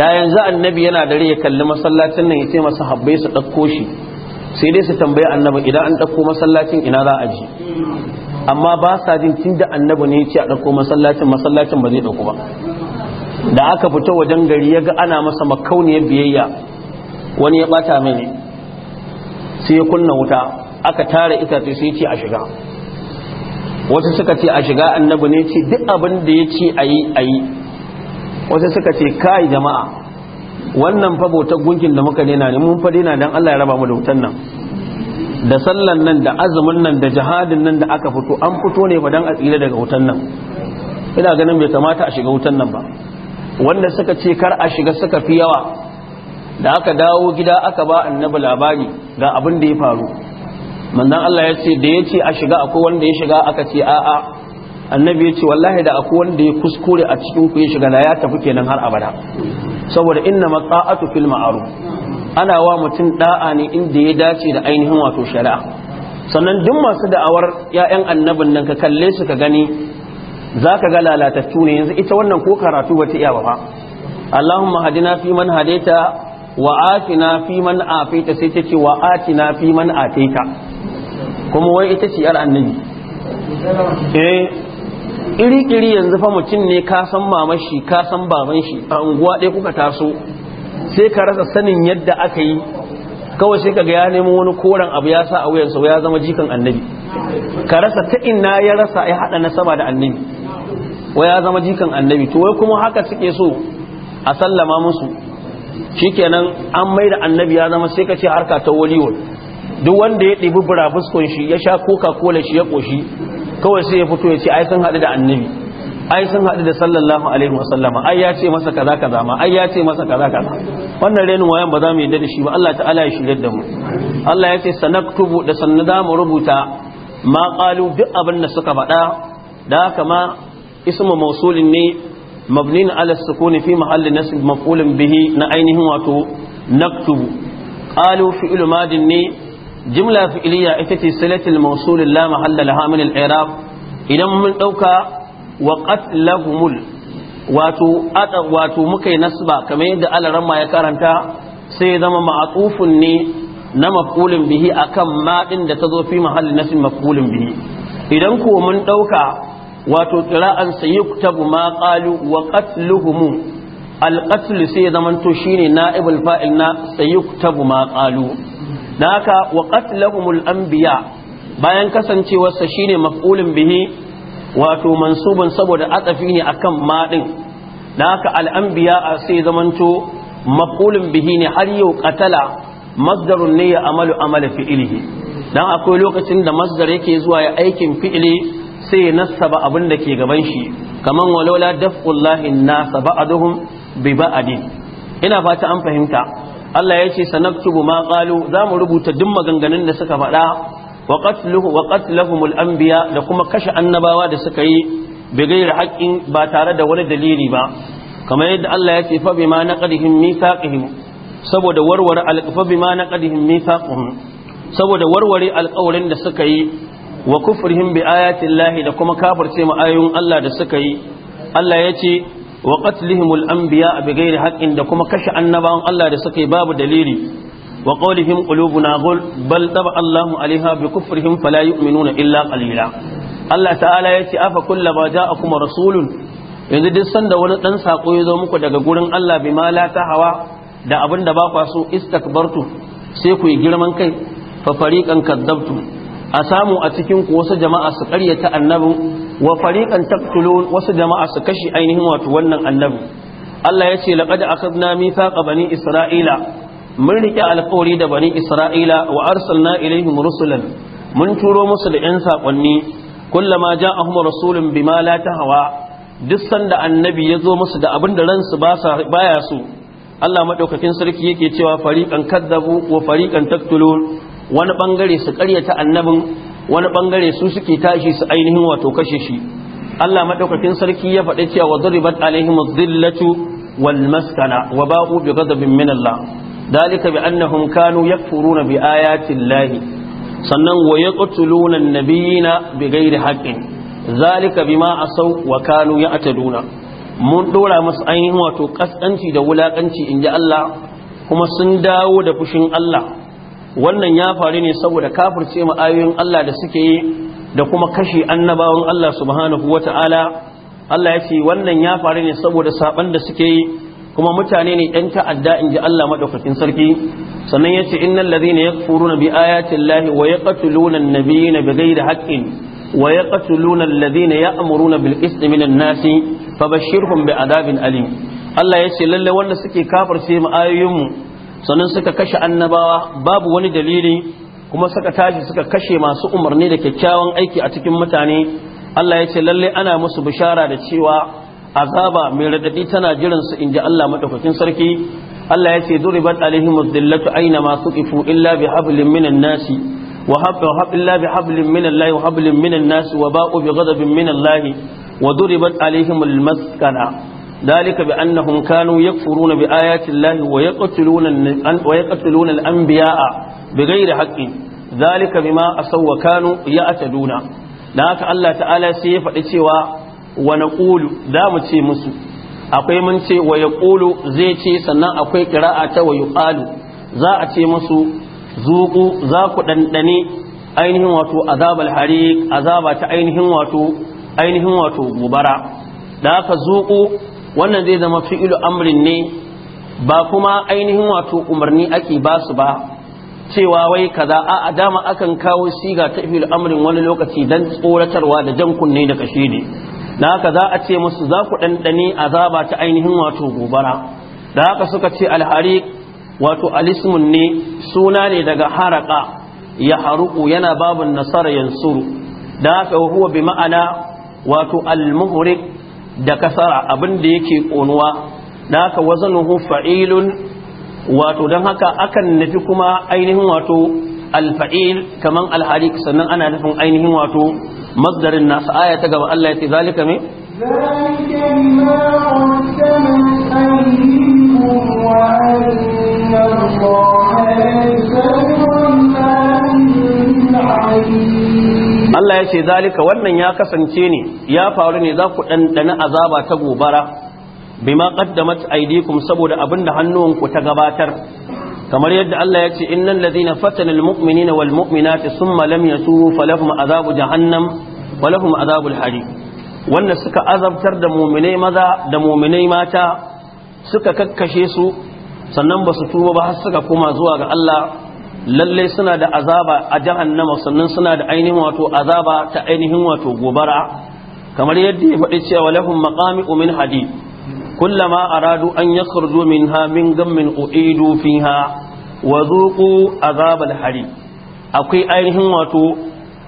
da yanzu annabi yana da dare ya kalli masallacin nan ya ce masahabbai su ɗauko shi sai dai su tambayi annabi idan an ɗauko masallacin ina za a ji amma ba sa jin tun da annabi ne ya ce a ɗauko masallacin masallacin ba zai ɗauko ba da aka fito wajen gari ya ga ana masa makauniyar biyayya wani ya bata mai sai ya kunna wuta aka tara itace sai ce a shiga wasu suka ce a shiga annabi ne ce duk abin da ya ce a yi a yi wasu suka ce kai jama'a wannan fa gunkin da muka nena ne mun fa dena dan Allah ya raba mu da wutan nan da sallan nan da azumin nan da jihadin nan da aka fito an fito ne fa a tsira daga wutan nan ina ganin bai kamata a shiga wutan nan ba wanda suka ce kar a shiga suka fi yawa da aka dawo gida aka ba annabi labari ga abin da ya faru manzon Allah ya ce da ya ce a shiga akwai wanda ya shiga aka ce a'a annabi ya ce wallahi da akwai wanda ya kuskure a cikin ku ya shiga na ya tafi kenan har abada saboda inna matsa'atu fil ma'ruf ana wa mutum da'a ne inda ya dace da ainihin wato shari'a sannan duk masu da'awar 'ya'yan annabin nan ka kalle su ka gani zaka ga lalatattu ne yanzu ita wannan ko karatu bata iya ba fa Allahumma hadina fi man hadaita wa atina fi man afeta sai ta ce wa atina fi man ateta. kuma wai ita ce yar annabi eh iri-iri yanzu fa mutum ne ka san mamashi ka san baban shi a unguwa ɗaya kuka taso sai ka rasa sanin yadda aka yi kawai sai ka ga ya nemo wani koren abu ya sa a wuyansa ya zama jikan annabi ka rasa ta ina ya rasa ya haɗa sama da annabi wai ya zama jikan annabi to wai kuma haka suke so a sallama musu shikenan an mai da annabi ya zama sai ka ce harka ta waliwal duk wanda ya ɗibi burabuskun shi ya sha coca cola shi ya ƙoshi kawai sai ya fito ya ce ai sun haɗu da annabi ai sun haɗu da sallallahu alaihi wasallama ai ya ce masa kaza kaza ma ai ya ce masa kaza kaza wannan renin wayan ba za mu yadda da shi ba Allah ta'ala ya shirya da mu Allah ya ce sanaktubu da sanna za mu rubuta ma qalu duk abin da suka faɗa da haka ma ismu mawsulin ne mabnin ala sukuni fi mahalli nasb maf'ulin bihi na ainihin wato naktubu qalu fi'lu madin ne jimla fi'iliyya ita ce silatul mawsulil la mahalla laha min idan mun dauka wa wato wato muka yi nasba kamar yadda al-ramma ya karanta sai ya zama ma'atufun ne na maf'ulin bihi akan ma din da tazo fi mahallin nasb maf'ulin bihi idan ko mun dauka wato qira'an sayuktabu ma qalu wa qatluhum al sai ya shine na'ibul fa'il na sayuktabu ma qalu da haka wa qatlahumul anbiya bayan kasancewarsa shine maf'ulun bihi wato mansubun saboda atsafi ne akan ma din da haka al anbiya sai zamanto maf'ulun bihi ne har yau qatala masdarun ne ya amalu amala fi'ilihi dan akwai lokacin da masdar yake zuwa ya aikin fi'ili sai nasaba abin da ke gaban shi kaman walaula daf'ullahi nasa ba'dhum bi ba'adin ina fata an fahimta Allah ya ce sanaktubu ma qalu za mu rubuta duk maganganun da suka faɗa wa qatluhu wa qatlahumul anbiya da kuma kashe annabawa da suka yi bi ghairi ba tare da wani dalili ba kamar yadda Allah ya ce fa bima naqadihim mithaqihim saboda warware alqafa bima naqadihim mithaqihim saboda warware alƙawarin da suka yi wa kufrihim bi ayati llahi da kuma kafirce mu ayoyin Allah da suka yi Allah ya ce wa qatlihimul anbiya a ghairi haqqin da kuma kashe annabawan Allah da suka yi babu dalili wa qawlihim qulubuna ghul bal taba Allahu alaiha bi kufrihim fala yu'minuna illa qalila Allah ta'ala yace afa a ja'akum rasulun yanzu duk sanda wani dan sako ya zo muku daga gurin Allah bi ma la hawa da abin da ba kwa so istakbartu sai ku yi girman kai fa fariqan kadzabtu a samu a cikin ku wasu jama'a su ƙaryata annabi. wa fariqan taqtulun wasu jama'a su kashi ainihin wato wannan annabi Allah ya ce laqad akhadna mithaqa bani isra'ila mun rike alƙawari da bani isra'ila wa arsalna ilaihim rusulan mun turo musu da yan sakonni kullama ja'ahum rasulun bima la hawa. duk sanda annabi ya zo musu da abin da ransu ba baya su Allah madaukakin sarki yake cewa fariqan kadzabu wa fariqan taqtulun wani bangare su ƙaryata annabin wani bangare su suke tashi su ainihin wato kashe shi Allah madaukakin sarki ya faɗi cewa wadribat alaihim dhillatu wal maskana wa ba'u bi ghadabin min Allah dalika bi annahum kanu yakfuruna bi ayati Allah sannan wa yaqtuluna an-nabiyina bi ghairi haqqin zalika bima asaw wa kanu ya'taduna mun dora musu ainihin wato kaskanci da wulakanci inji Allah kuma sun dawo da fushin Allah wannan ya faru ne saboda kafirce ma ayoyin Allah da suke yi da kuma kashe annabawan Allah subhanahu wata'ala Allah ya ce wannan ya faru ne saboda saban da suke yi kuma mutane ne ɗan ta'adda in ji Allah maɗaukakin sarki sannan ya ce innan lazina ya furu na bi ayatin lahi wa ya ƙatuluna nabi na bigai da hakkin? wa ya ƙatuluna lazina ya amuru na bilƙisɗi minan nasi fa bashirhum bi adabin alim Allah ya ce lallai wanda suke kafar ayoyin mu sannan suka kashe annabawa babu wani dalili kuma suka tashi suka kashe masu umarni da kyakkyawan aiki a cikin mutane Allah ya ce lalle ana musu bishara da cewa azaba mai radadi tana jiran su inji Allah madaukakin sarki Allah ya ce duribat alaihim dhillatu aina ma suqifu illa bi minan nasi wa habba illa bi hablin wa hablin minan nasi wa ba'u bi ghadabin minallahi wa duribat alaihim almaskana ذلك بأنهم كانوا يكفرون بآيات الله ويقتلون الأنبياء بغير حق ذلك بما أصوا كانوا يأتدون لذلك الله تعالى سيفة إتوى ونقول دامت مسلم akwai mun ce wa ya zai ce sannan akwai kira'a ta wa ya za a ce masu zuku za ku ɗanɗane ainihin wato azabar hari azaba ta ainihin wato ainihin wato gobara da aka zuku wannan zai zama fi'ilu amrin ne ba kuma ainihin wato umarni ake ba su ba cewa wai kaza a dama akan kawo siga ta fi'ilu amrin wani lokaci dan tsoratarwa da jan kunne da kashe ne na haka za a ce musu za ku ɗanɗane azaba ta ainihin wato gobara da haka suka ce alhari wato alismun ne suna ne daga haraka ya haruku yana babin nasara yansuru da haka huwa bi ma'ana wato almuhrik da kasara abin da yake ƙonuwa da haka wazanuhu fa'ilun wato don haka akan nufi kuma ainihin wato alfa'il kamar alhalik sannan ana nufin ainihin wato mazdarin nasu aya ta gaba Allah ya ce zalika ma'a ذلك Allah ya ce zalika wannan ya kasance ne ya faru ne za ku ɗanɗana azaba ta gobara bima qaddamat aydikum saboda abinda hannuwanku ta gabatar kamar yadda Allah ya ce innal ladhina fatana almu'minina walmu'minati thumma lam yatubu falahum azabu jahannam wa lahum azabul hari wanda suka azabtar da mu'minai maza da mu'minai mata suka kakkashe su sannan ba su tuba ba har suka koma zuwa ga Allah lalle suna da azaba a jahannama sannan suna da ainihin wato azaba ta ainihin wato gobara kamar yadda ya faɗi cewa lahum maqami min hadid kullama aradu an yakhruju minha min gammin u'idu fiha wa zuqu azabal hari akwai ainihin wato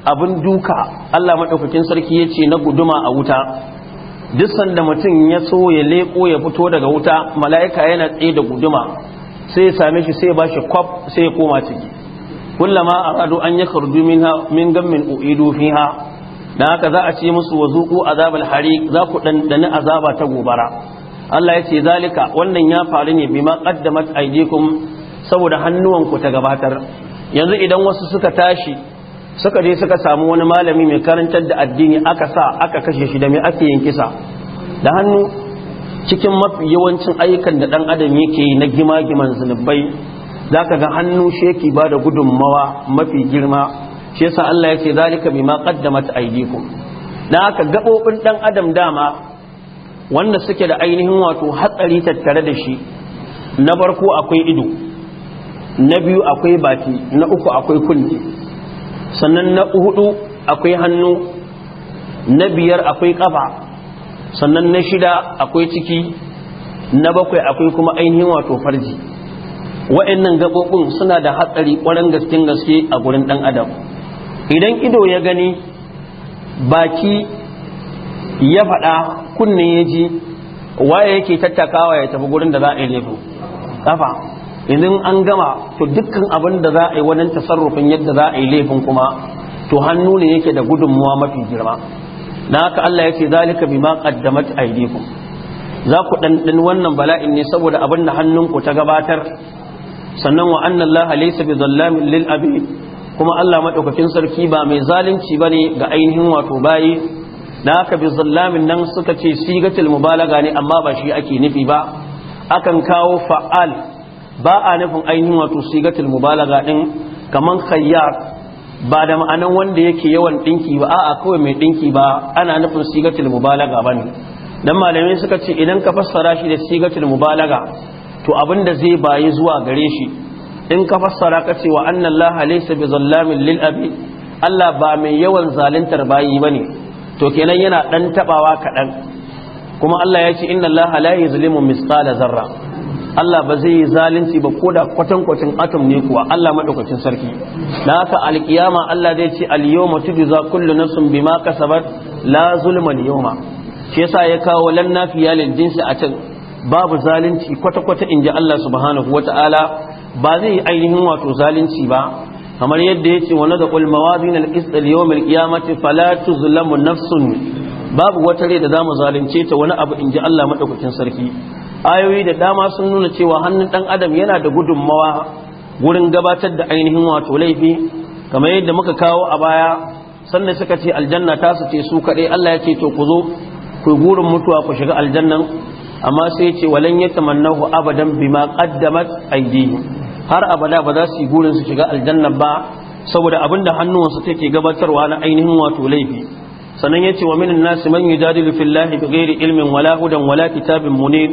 abin duka Allah madaukakin sarki yace na guduma a wuta duk sanda mutum ya so ya leko ya fito daga wuta mala'ika yana tsaye da guduma sai same shi sai ya shi kwaf sai ya koma ciki kullama aradu an yakhruju minha min gammin uidu fiha dan haka za a ce musu wazuqu azabal hariq za ku dandani azaba ta gobara Allah ya ce zalika wannan ya faru ne bima qaddamat aydikum saboda hannuwanku ta gabatar yanzu idan wasu suka tashi suka je suka samu wani malami mai karantar da addini aka sa aka kashe shi da mai ake yin kisa da hannu cikin mafi yawancin ayyukan da ɗan adam yake na gima-giman zunubai ka ga hannu shi ba da gudunmawa mafi girma shi yasa Allah ya ce zalika bima qaddamat aydikum dan haka gabobin dan adam dama wanda suke da ainihin wato hatsari tattare da shi na farko akwai ido na biyu akwai baki na uku akwai kunne sannan na hudu akwai hannu na biyar akwai kafa sannan na shida akwai ciki na bakwai akwai kuma ainihin wato farji wa'annan gaɓoɓin suna da hatsari ƙwarar gaskin gaske a gurin ɗan adam idan ido ya gani baki ya faɗa kunne ya ji waye yake tattakawa ya tafi gurin da za a yi laifin ƙafa idan an gama to dukkan abin da za a yi wajen tasarrufin yadda za a yi laifin kuma to hannu ne yake da gudunmuwa mafi girma na haka Allah ya ce zalika bima qaddamat aydikum za ku ɗanɗan wannan bala'in ne saboda abin da hannunku ta gabatar sannan wa annan Allah laysa bi zallamin lil abid kuma Allah madaukakin sarki ba mai zalunci bane ga ainihin wato bayi na haka bi zallamin nan suka ce sigatul mubalaga ne amma ba shi ake nufi ba akan kawo fa'al ba a nufin ainihin wato sigatul mubalaga din kaman khayyar ba da ma'anan wanda yake yawan dinki ba a'a kawai mai dinki ba ana nufin sigatul mubalaga bane dan malamai suka ce idan ka fassara shi da sigatul mubalaga to abinda zai bayi zuwa gare shi in ka fassara ka ce wa annallaha laysa zallamin lil abi Allah ba mai yawan zaluntar bayi bane to kenan yana dan tabawa kadan kuma Allah ya ce innallaha la yuzlimu misqala zarra Allah ba zai yi zalunci ba ko da kwatankwacin atom ne kuwa Allah maɗaukacin sarki da haka alkiyama Allah zai ce al-yawma tujza kullu nafsin bima kasabat la zulma al-yawma shi yasa ya kawo lan nafiya lil jinsi a can babu zalunci kwata-kwata inji Allah subhanahu wata'ala ba zai yi ainihin wato zalunci ba kamar yadda ya ce wani da mawazin al-qist al-yawm al-qiyamati fala tuzlamu nafsun babu wata rai da zamu zalunce ta wani abu inji Allah madaukakin sarki ayoyi da dama sun nuna cewa hannun dan adam yana da gudunmawa wurin gabatar da ainihin wato laifi kamar yadda muka kawo a baya sannan suka ce aljanna ta su ce su kaɗai Allah ya ce to ku zo ku gurin mutuwa ku shiga aljannan amma sai ce walan yatamannahu abadan bima qaddamat aydihi har abada ba za su yi gurin su shiga aljanna ba saboda abinda hannuwansu take gabatarwa na ainihin wato laifi sannan yace wa minan nasi man yujadilu fillahi bighairi ilmin wala hudan wala kitabin munir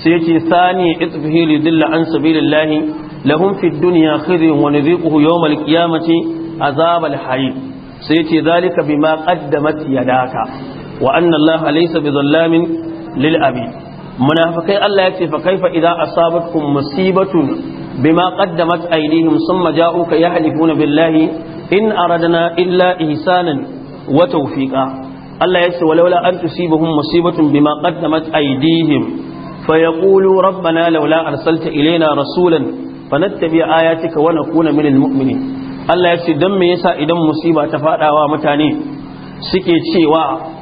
sai yace sani itfihi lidilla an sabilillahi lahum fid dunya khizyun wa nuziquhu yawm alqiyamati azab alhayy sai yace zalika bima qaddamat yadaka wa annala allaha laysa bizallamin lil abid munafikai Allah yace fa kaifa idza asabatkum musibatun bima qaddamat aydihim thumma ja'uka yahlifuna billahi in aradna illa ihsanan wa tawfiqa Allah yace walaula an tusibahum musibatun bima qaddamat aydihim فيقول ربنا لولا أرسلت إلينا رسولا فنتبع آياتك na من المؤمنين الله يسي دم يسا إدم مصيبة تفاتا ومتاني سكي تشيوا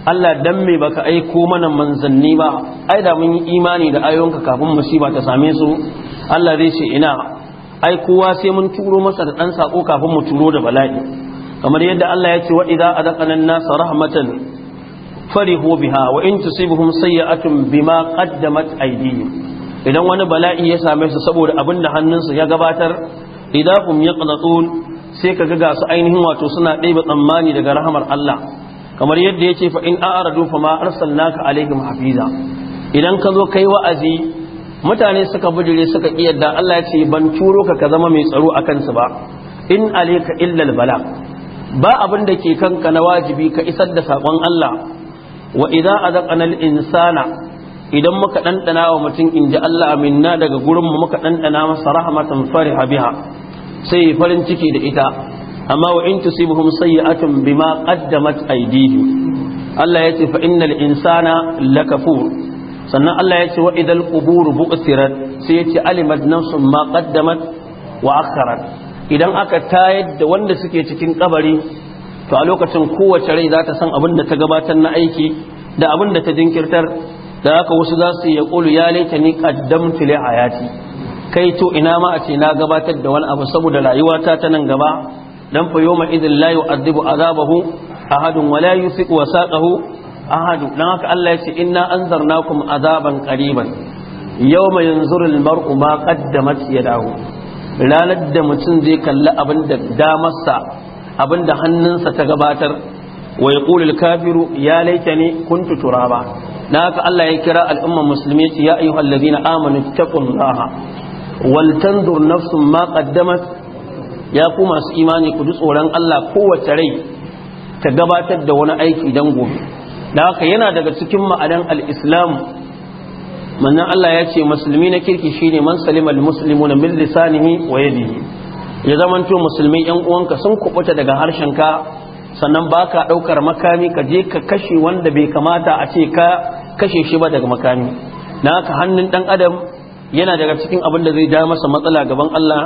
Allah dan mai baka aiko mana manzanni ba ai mun yi imani da ayoyinka kafin musiba ta same su Allah zai ce ina ai kowa sai mun turo masa da ɗan sako kafin mu turo da bala'i kamar yadda Allah ya ce wa idza azaqana an-nasa rahmatan farihu biha wa in tusibuhum sayyi'atun bima qaddamat aydihim idan wani bala'i ya same su saboda abin da hannunsu ya gabatar ya yaqnatun sai kaga ga su ainihin wato suna ɗeba tsammani daga rahamar Allah kamar yadda ce fa in a'radu fa ma arsalnaka alaihim hafiza idan ka zo kai wa'azi mutane suka bijire suka kiyarda Allah ya ce ban turo ka ka zama mai tsaro akan su ba in alayka illa Bala, ba abin da ke kanka na wajibi ka isar da sakon Allah wa idza azaqna insana idan muka dandana wa mutum inji Allah minna daga gurin mu muka dandana masa rahmatan fariha biha sai farin ciki da ita amma wa in tusibuhum sayyi'atun bima qaddamat aydihim Allah yace fa innal insana lakafur sannan Allah yace wa idal qubur bu'thirat sai yace alimat nafsun ma qaddamat wa akharat idan aka tayar da wanda suke cikin kabari to a lokacin kowace rai za ta san abin da ta gabatar na aiki da abin da ta jinkirtar da haka wasu za su ya ƙulu ya laita ni ƙaddamtu li kai to ina ma a ce na gabatar da wani abu saboda rayuwata ta nan gaba dan fa yawma idin la yu'adhibu azabahu ahadun wa la yusiqu wasaqahu ahadu dan haka Allah ya ce inna anzarnakum azaban qariban yawma yanzuru al-mar'u ma qaddamat yadahu ranar da mutum zai kalli abin da damarsa abinda hannunsa ta gabatar wai yaqulu kafiru ya laitani kuntu turaba dan haka Allah ya kira al'ummar musulmi ya ayyuhal ladina amanu taqullaha wal tandur nafsun ma qaddamat ya ku masu imani ku ji tsoron Allah kowace rai ta gabatar da wani aiki dan gobe dan haka yana daga cikin ma'anar al-islam manzon Allah ya ce musulmi na kirki shine man salimal muslimuna min lisanihi wa yadihi ya zamanto musulmi yan uwanka sun kubuta daga harshen ka sannan ba ka ɗaukar makami ka je ka kashe wanda bai kamata a ce ka kashe shi ba daga makami na ka hannun dan adam yana daga cikin abin da zai ja masa matsala gaban Allah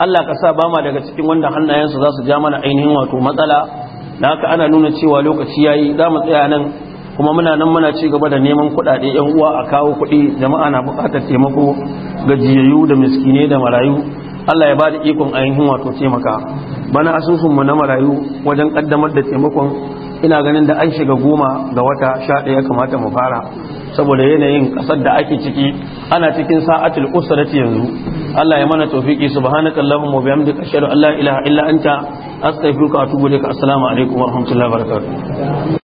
Allah ka sa ba ma daga cikin wanda hannayensu za su ja mana ainihin wato matsala na ka ana nuna cewa lokaci yayi za mu tsaya nan kuma muna nan muna ci gaba da neman kuɗaɗe yan uwa a kawo kuɗi jama'a na buƙatar taimako ga jiyayyu da miskinai da marayu Allah ya bada ikon ainihin wato taimaka bana asusun mu na marayu wajen kaddamar da taimakon ina ganin da an shiga goma ga wata sha ya kamata mu fara saboda yanayin ƙasar da ake ciki ana cikin sa'atul usrati yanzu Allah ya mana tawfiki subhanakallahumma wa bihamdika ashhadu an la ilaha illa anta astaghfiruka wa atubu ilaik assalamu alaikum wa rahmatullahi wa barakatuh